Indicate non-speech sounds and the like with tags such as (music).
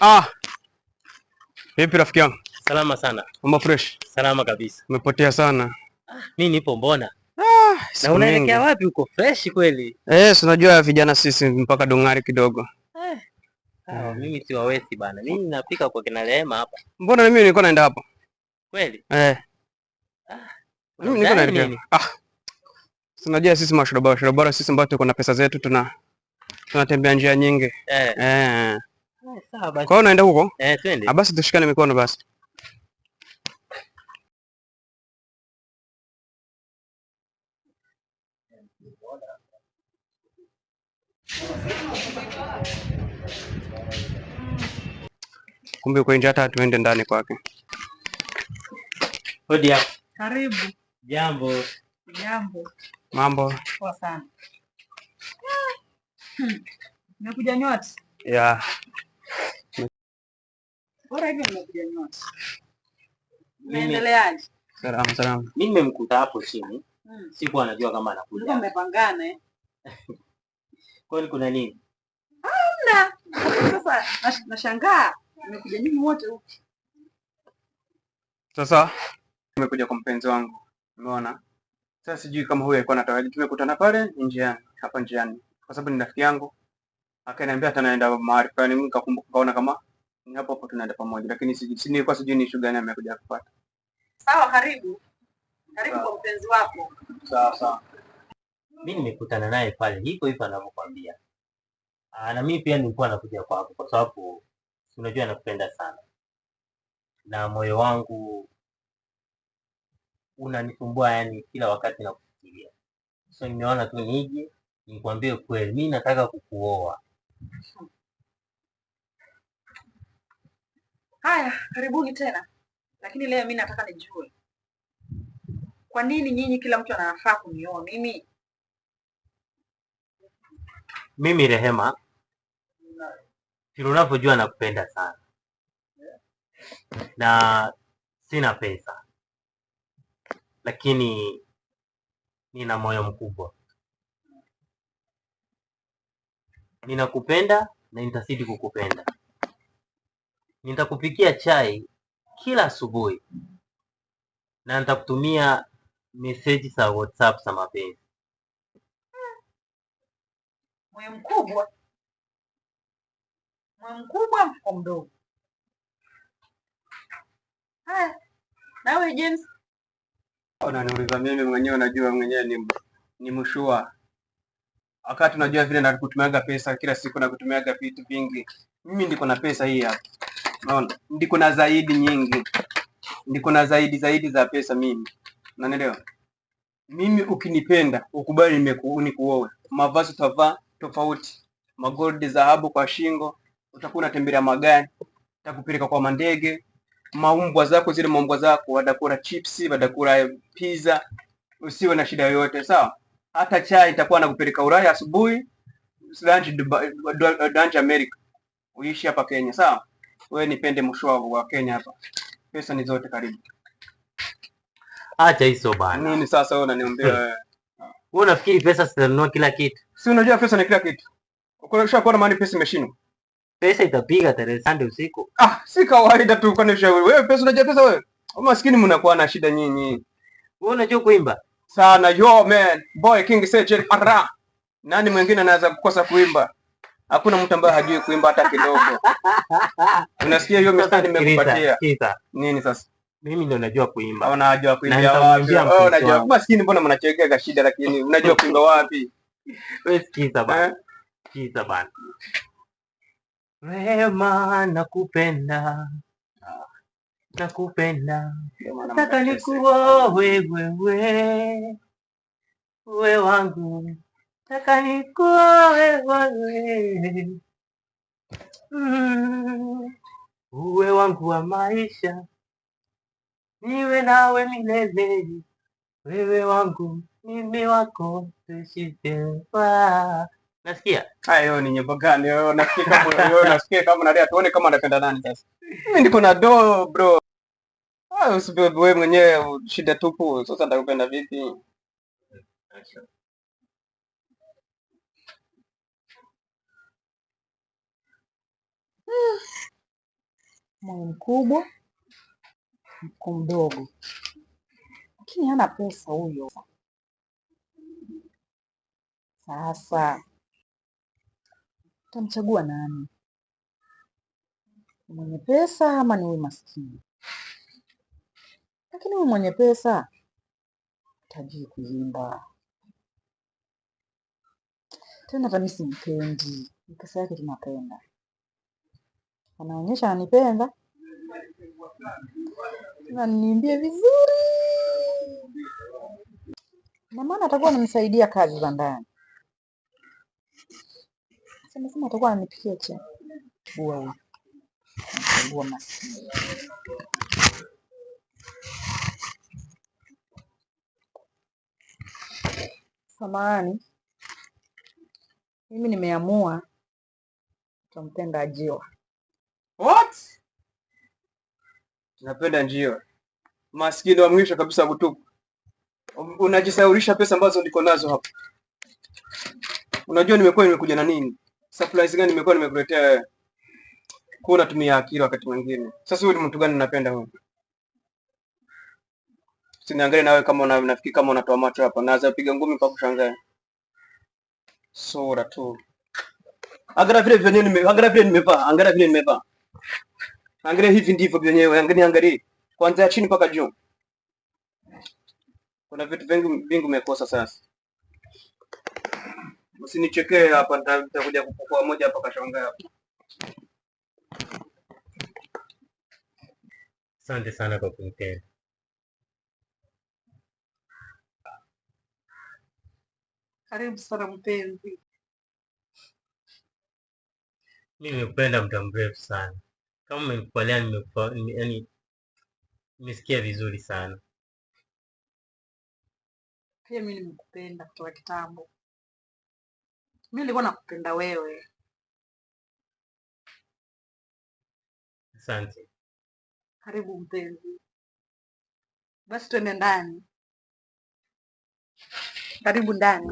Ah. Vipi rafiki yangu? Salama sana. Mambo fresh. Salama kabisa. Umepotea sana. Ah, mimi nipo mbona? Ah, na unaelekea wapi huko? Fresh kweli. Eh, unajua vijana sisi mpaka dongari kidogo. Eh. Ah, mimi siwawezi bana. Mimi napika kwa kina Rehema hapa. Mbona mimi nilikuwa naenda hapo? Kweli? Eh. Ah. Mimi nilikuwa naelekea. Ah. Unajua sisi mashirobaro, shirobaro sisi ambao tuko na pesa zetu tuna tunatembea njia nyingi. Eh. Eh. Oh, Kwa hiyo unaenda huko? Eh, twende. Ah, Basi tushikane mikono basi. Kumbe uko nje, hata tuende ndani kwake. Hodi hapo. Karibu. Jambo. Jambo. Mambo. Poa sana. Ah, Mmekuja hmm. nyote? Yeah. Bora hivyo Mimi nimemkuta hapo chini. Hmm. Sikuwa najua kama anakuja. Ndio eh? (laughs) Kwani kuna nini? Hamna. Sasa nashangaa nyinyi wote Sasa nimekuja kwa mpenzi wangu. Umeona? Sasa sijui kama huyu alikuwa anataraji tumekutana pale njiani, hapa njiani. Kwa sababu ni rafiki yangu akaniambia hata naenda mahali fulani, mimi nikakumbuka, kaona kama ni hapo hapo tunaenda pamoja, lakini si si nilikuwa sijui ni shughuli gani amekuja kupata. Sawa, karibu karibu kwa mpenzi wako. Sawa sawa, mimi nimekutana naye pale hiko hivyo Ah, na mimi pia nilikuwa nakuja kwako kwa sababu unajua nakupenda sana na moyo wangu unanisumbua, yani kila wakati nakufikiria, so nimeona tu niji nikwambie kweli, mimi nataka kukuoa Haya, karibuni tena, lakini leo mi nataka nijue kwa nini nyinyi kila mtu anafaa kunioa mimi? Mimi Rehema, vile unavyojua nakupenda sana na sina pesa, lakini nina moyo mkubwa ninakupenda na nitazidi kukupenda. Nitakupikia chai kila asubuhi na nitakutumia meseji za WhatsApp za mapenzi. Moyo mkubwa, moyo mkubwa, mfuko mdogo. Haya, nawe James unaniuliza mimi mwenyewe, unajua mwenyewe ni, ni mshua wakati unajua vile na kutumiaga pesa kila siku na kutumiaga vitu vingi. Mimi ndiko na pesa hii hapa, unaona, ndiko na zaidi nyingi, ndiko na zaidi zaidi za pesa mimi, unanielewa mimi. Ukinipenda ukubali nikuoe, mavazi utavaa tofauti, magoldi dhahabu kwa shingo, utakuwa unatembelea magari, utakupeleka kwa mandege, maumbwa zako zile maumbwa zako, wadakula chipsi, wadakula pizza, usiwe na shida yoyote, sawa hata chai itakuwa na kupeleka Ulaya asubuhi, lunch lunch America, uishi hapa Kenya. Sawa, wewe nipende mshwavu wa Kenya hapa, pesa ni zote karibu. Acha hizo bana. Nini sasa wewe unaniambia wewe? (laughs) Wewe unafikiri pesa zitanunua kila kitu? Si unajua pesa ni kila kitu. Ukishakuwa kwa maana pesa imeshindwa. Pesa itapiga tarehe sande usiku. Ah, si kawaida tu kwani ushauri. Wewe pesa unajua pesa wewe. Maskini mnakuwa na shida nyinyi. Wewe unajua kuimba? sana yo man boy King sejen ara. Nani mwingine anaweza kukosa kuimba? Hakuna mtu ambaye hajui kuimba hata kidogo. (laughs) Unasikia hiyo mistari nimekupatia nini? Sasa mimi ndo najua kuimba. Unajua kuimba wapi? Oh, unajua maskini, mbona mnachekeka shida, lakini unajua kuimba wapi? Wewe sikiza bana, eh? sikiza bana, Rema nakupenda nakupenda, nataka nikuwa wewe, wewe wangu, nataka nikuwa wewe, mm. uwe wangu wa maisha, niwe nawe milele, wewe wangu, mimi wako, tushike Nasikia? Hayo ni nyimbo gani? unasikia kama unasikia kama nalia tuone kama anapenda nani sasa. Mimi niko na do bro wewe ah, mwenyewe shida tupu. Sasa nitakupenda vipi? Moyo mkubwa mko mdogo, lakini hana pesa huyo. Sasa utamchagua nani, mwenye pesa ama ni huyu maskini? Lakini wewe mwenye pesa tajii kuimba tena, hata mimi simpendi. Pesa yake tunapenda, anaonyesha anipenda, naniimbie vizuri, na maana atakuwa anamsaidia kazi za ndani, sema sema atakuwa ananipikia cha bua, bua maskini Samahani, mimi nimeamua tutampenda Jiwa. What? Tunapenda Njiwa, maskini wa mwisho kabisa kutupa. Unajisaurisha pesa ambazo niko nazo hapa. Unajua nimekuwa nimekuja na nini? Surprise gani nimekuwa nimekuletea wewe? Kwa unatumia akili wakati mwingine. Sasa huyu ni mtu gani napenda huyu? Usiniangalie nawe kama kama unafikiri kama unatoa macho hapa. Naweza piga ngumi mpaka ushangae. Sura tu. Angalia vile vyenyewe nime angalia vile nimevaa, angalia vile nimevaa. Angalia hivi ndivyo vyenyewe, angalia angalia. Kuanzia chini mpaka juu. Kuna vitu vingi vingi umekosa sasa. Usinichekee hapa, nitakuja kupokea moja hapa kashangaa hapa. Asante sana kwa kunipenda. Karibu sana mpenzi. mi nimekupenda muda mrefu sana, kama umenikubalia, yani, nimesikia vizuri sana. Pia mimi nimekupenda kutoka kitambo. Mimi nilikuwa nakupenda wewe. Asante. Karibu mpenzi, basi twende ndani. Karibu ndani.